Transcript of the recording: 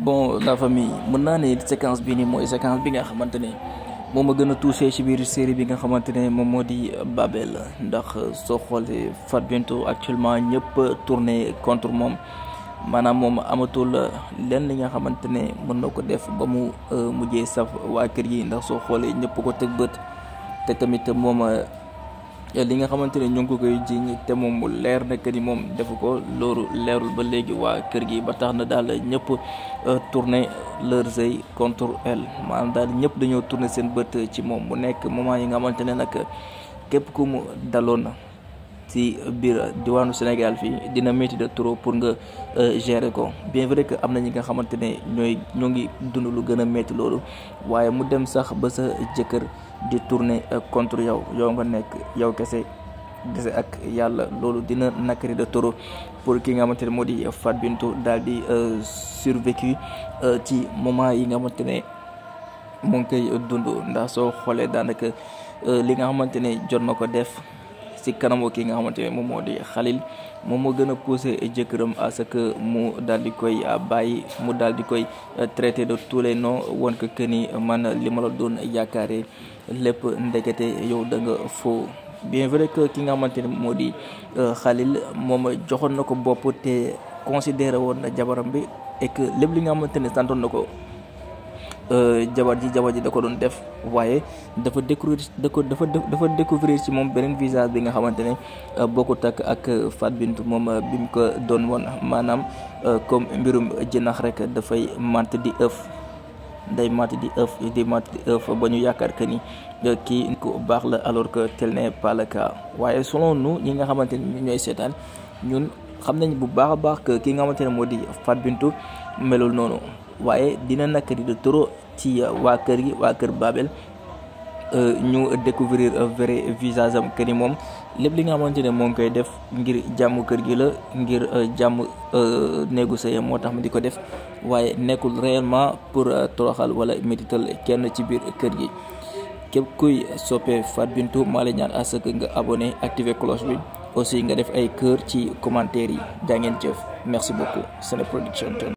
bon la famille mën naa ne séquence bi nii mooy séquence bi nga xamante ne moom a gën a touché biir série bi nga xamante ne moom moo di Babel ndax soo xoolee Fatou Bintou actuellement ñëpp tourné contre moom maanaam moom amatul lenn li nga xamante ne mën na ko def ba mu euh, mujjee saf waa kër yi ndax soo xoolee ñëpp ko teg bët te tamit moom. Eh, li nga xamante ne ñu ngi ko koy jiñ te moom mu leer na ni moom defu ko loolu leerul ba léegi waa kër gi ba tax na daal ñëpp eh, tourner leurs yeux contre elle maanaam daal ñëpp dañoo tourner seen bët ci moom mu nekk moment yi nga xamante ne nag eh, képp ku mu daloon na. si biir diwaanu Sénégal fii dina métti de trop pour nga euh, gérer ko bien vrai que am na ñi nga xamante ne ñooy ñoo ngi dund lu gën a métti loolu waaye mu dem sax ba sa jëkkër di tourner euh, contre yow yow nga nekk yow kese dese ak yàlla loolu dina nakari de trop pour ki nga xamante ne moo di Fat Bintou daal di euh, survécu ci moment yi nga xamante ne mu ngi koy dund ndax soo xoolee daanaka li nga xamante ne jot na ko def. si kanamu kii nga xamante ne moom moo di xalil moom moo gën a poussé jëkkëram à ce que mu daal di koy a euh, bàyyi mu daal di koy euh, traité de tous les noms woon que ni man li ma la doon yaakaare lépp ndekete yow da nga foo bien vrai que ki nga xamante ne moo di euh, Khalil moom joxoon na ko bopp te considéré woon na jabaram bi et lépp li nga xamante ne santoon na ko. Euh, jawab di jawab di da ko def wae, dafa découvrir dekor ko dafa dafa découvrir ci moom beneen visage bi nga xamante euh, tak ak fat bint moom euh, bi mu ko doon woon maanaam comme mbirum jënax rek dafay mant di ëf day mat di ëf di mat di ëf ba ñu yaakaar que ni kii ku baax la alors que tel n' est pas le cas waaye selon nous ñi nga xamante ne ñooy seetaan ñun xam nañ bu baax a baax que ki fat bintu melul waaye dina nakari de trop ci euh, waa kër gi waa kër Babel euh, ñu découvrir euh, vrai visage am kër yi moom lépp li nga xamante ne moo ngi koy def ngir jàmm kër gi la ngir jàmm néegu sëy moo tax ma di ko def waaye nekkul réellement pour toroxal wala métital kenn ci biir kër gi képp kuy soppee Fat Bintou maa la ñaan àsak nga abonné activer cloche bi aussi nga def ay kër ci commentaire yi jaa ngeen jëf merci beaucoup Séné Production